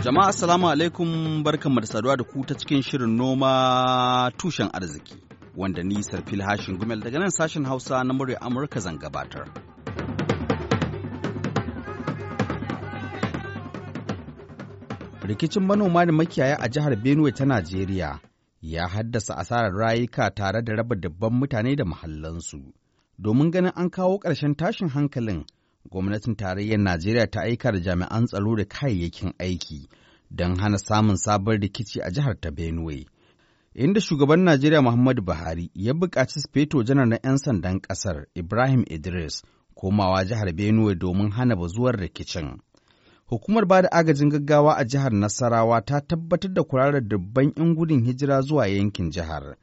Jama'a assalamu alaikum barkanmu da saduwa da ku ta cikin shirin noma tushen arziki wanda ni Sarfil Hashin Gumel daga nan sashen Hausa na murya Amurka zan gabatar. Rikicin manoma da makiyaya a jihar Benue ta Najeriya ya haddasa asarar rayuka tare da raba dabban mutane da mahallansu. Domin ganin an kawo ƙarshen tashin hankalin gwamnatin tarayyar Najeriya ta aika da jami'an tsaro da kayayyakin aiki don hana samun sabon rikici a jihar ta Benue. Inda shugaban Najeriya Muhammadu Buhari ya buƙaci Sufeto janar na 'yan sandan ƙasar Ibrahim Idris komawa jihar Benue domin hana bazuwar rikicin. Hukumar bada agajin gaggawa a jihar Nasarawa ta tabbatar da kurarar dubban 'yan gudun hijira zuwa yankin jihar,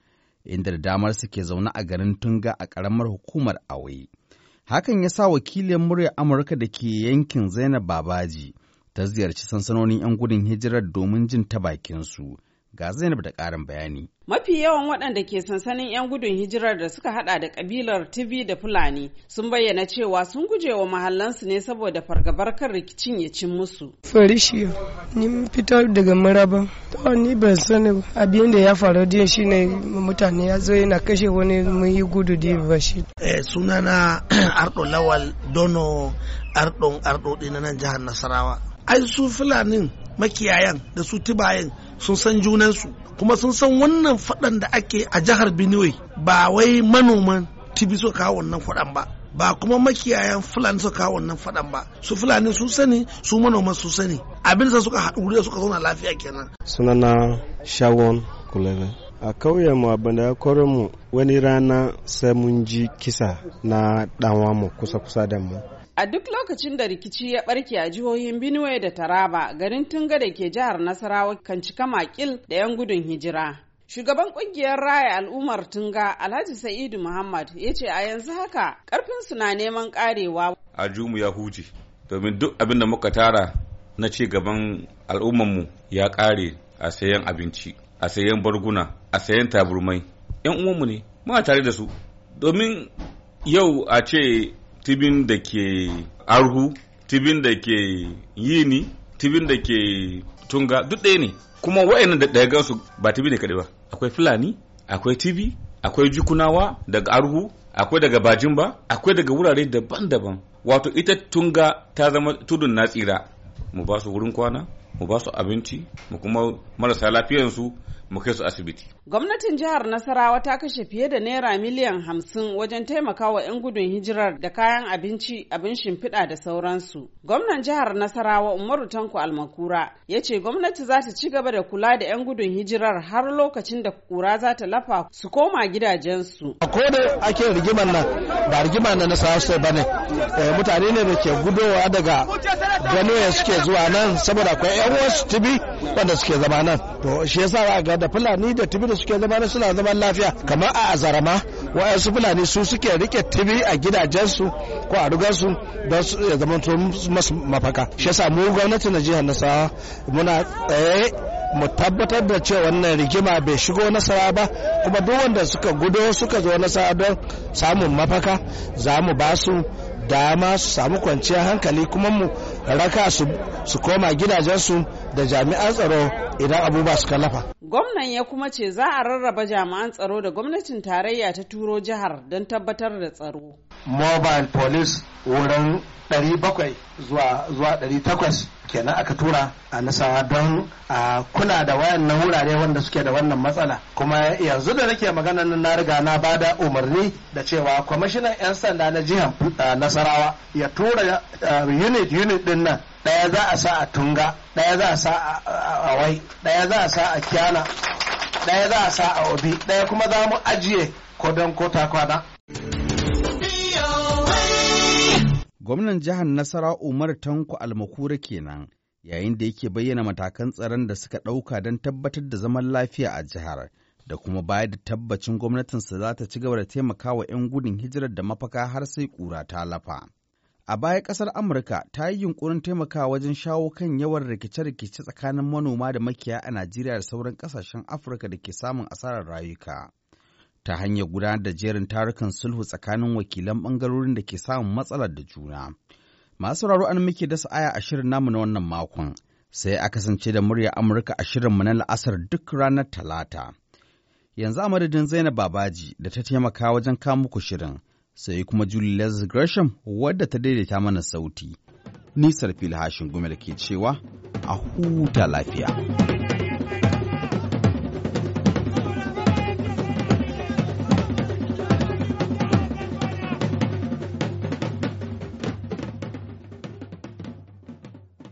inda da damar suke zaune a garin Tunga a ƙaramar hukumar Awai. Hakan ya sa wakilin muryar Amurka da ke yankin Zainab Babaji ta ziyarci sansanonin 'yan gudun hijirar domin jin ta bakinsu, Ga Zainab da ƙarin bayani. Mafi yawan waɗanda ke sansanin 'yan gudun hijirar da suka hada da kabilar TV da Fulani sun bayyana cewa sun guje wa mahallansu ne saboda fargabar kan rikicin ya cin musu. Farishiyo, ni fitar daga maraba, to ni ban sani abin da ya faru din shi ne mutane ya zo yana kashe wani mun yi gudu da ba shi. Eh, sunana Ardo Lawal Dono Ardo Ardo ɗin nan jihar Nasarawa. Ai su Fulanin makiyayan da su Tibayen sun san junansu kuma sun san wannan faɗan da ake a jihar benue ba wai manoman tibi suka kawo wannan faɗan ba ba kuma makiyayan fulani suka kawo wannan faɗan ba su fulani su sani su manoman su sani abin da suka haɗu da suka zauna lafiya kenan sunana shawon kulebe a kauye mu abin da ya kore mu wani rana sai mun ji kisa na ɗanwa mu kusa kusa da mu A duk lokacin da rikici ya barke a jihohin Benue da Taraba garin Tunga da ke jihar Nasarawa kan cika makil da 'yan gudun hijira. Shugaban kungiyar raya al'ummar Tunga Alhaji Sa'idu Muhammad ya ce a yanzu haka karfin na neman karewa. A jumu ya huce domin duk abin da muka tara na ci gaban al'ummarmu ya kare a sayan abinci, a sayan barguna, a sayan taburmai. 'Yan uwanmu ne, muna tare da su. Domin yau a ce tibin da ke arhu tibin da ke yini tibin da ke tunga duk ɗaya ne kuma wa'ina da ɗaya gansu ba tibi ne kaɗai ba akwai fulani akwai tibi akwai jikunawa daga arhu akwai daga bajin ba akwai daga wurare daban-daban wato ita tunga ta zama tudun na tsira mu ba su wurin kwana mu ba su abinci mu kuma marasa lafiyansu mu kai su asibiti. Gwamnatin jihar Nasarawa ta kashe fiye da naira miliyan hamsin wajen taimakawa 'yan gudun hijirar da kayan abinci, abin shimfiɗa da sauransu. Gwamnan jihar Nasarawa Umaru Tanko Almakura ya ce gwamnati za ta ci gaba da kula da 'yan gudun hijirar har lokacin da kura za ta lafa su koma gidajensu. A da ake rigimar nan ba rigima na Nasarawa sai ba ne eh, mutane ne da ke gudowa daga Benue suke zuwa nan saboda akwai 'yan wasu tibi wanda suke zama nan. To shi yasa za a da fulani da tibi da suke zama na suna zaman lafiya kamar a azarama wa'yansu fulani su suke rike tibi a gidajensu ko a rugarsu don su ya zama masu mafaka shi yasa mu gwamnati na jihar nasarawa muna tsaye mu tabbatar da cewa wannan rigima bai shigo nasara ba kuma duk wanda suka gudo suka zo nasara don samun mafaka za mu ba su dama su samu kwanciyar hankali kuma mu raka su su koma gidajensu da jami'an tsaro idan abubuwa suka lafa. Gwamnan ya kuma ce za a rarraba jami'an tsaro da gwamnatin tarayya ta turo jihar don tabbatar da tsaro. Mobile police wurin 700 zuwa 800 kenan aka tura a nasawa don a kula da wayannan wurare wanda suke da wannan matsala kuma yanzu da nake magana nan na riga na bada umarni da cewa kwamishinan 'yan sanda na jihar nasarawa ya tura unit unit din nan ɗaya za a sa a tunga ɗaya za a sa a wai ɗaya za a sa a kyana ɗaya za a sa a obi ɗaya kuma za mu ajiye ko don ko takwana. Gwamnan jihar Nasara Umar Tanko Almakura kenan yayin da yake bayyana matakan tsaron da suka ɗauka don tabbatar da zaman lafiya a jihar da kuma bayar da tabbacin gwamnatinsa za ta ci gaba da taimakawa 'yan gudun hijirar da mafaka har sai ƙura ta lafa. A baya ƙasar Amurka ta yi yunkurin taimakawa wajen shawo kan yawan rikice-rikice tsakanin manoma da makiya a Najeriya da sauran ƙasashen Afirka da ke samun asarar rayuka. Ta hanyar gudanar da jerin tarukan sulhu tsakanin wakilan ɓangarorin da ke samun matsalar da juna. Masu sauraro an muke dasa aya a shirin namu na wannan makon, sai a kasance da murya Amurka a shirin shirinmu na la'asar duk ranar Talata. Yanzu a madadin Zainab Babaji da ta taimaka wajen kawo muku shirin. sai kuma Julius Gresham wadda ta daidaita mana sauti. Nisar fil hashin gumel ke cewa a huta lafiya.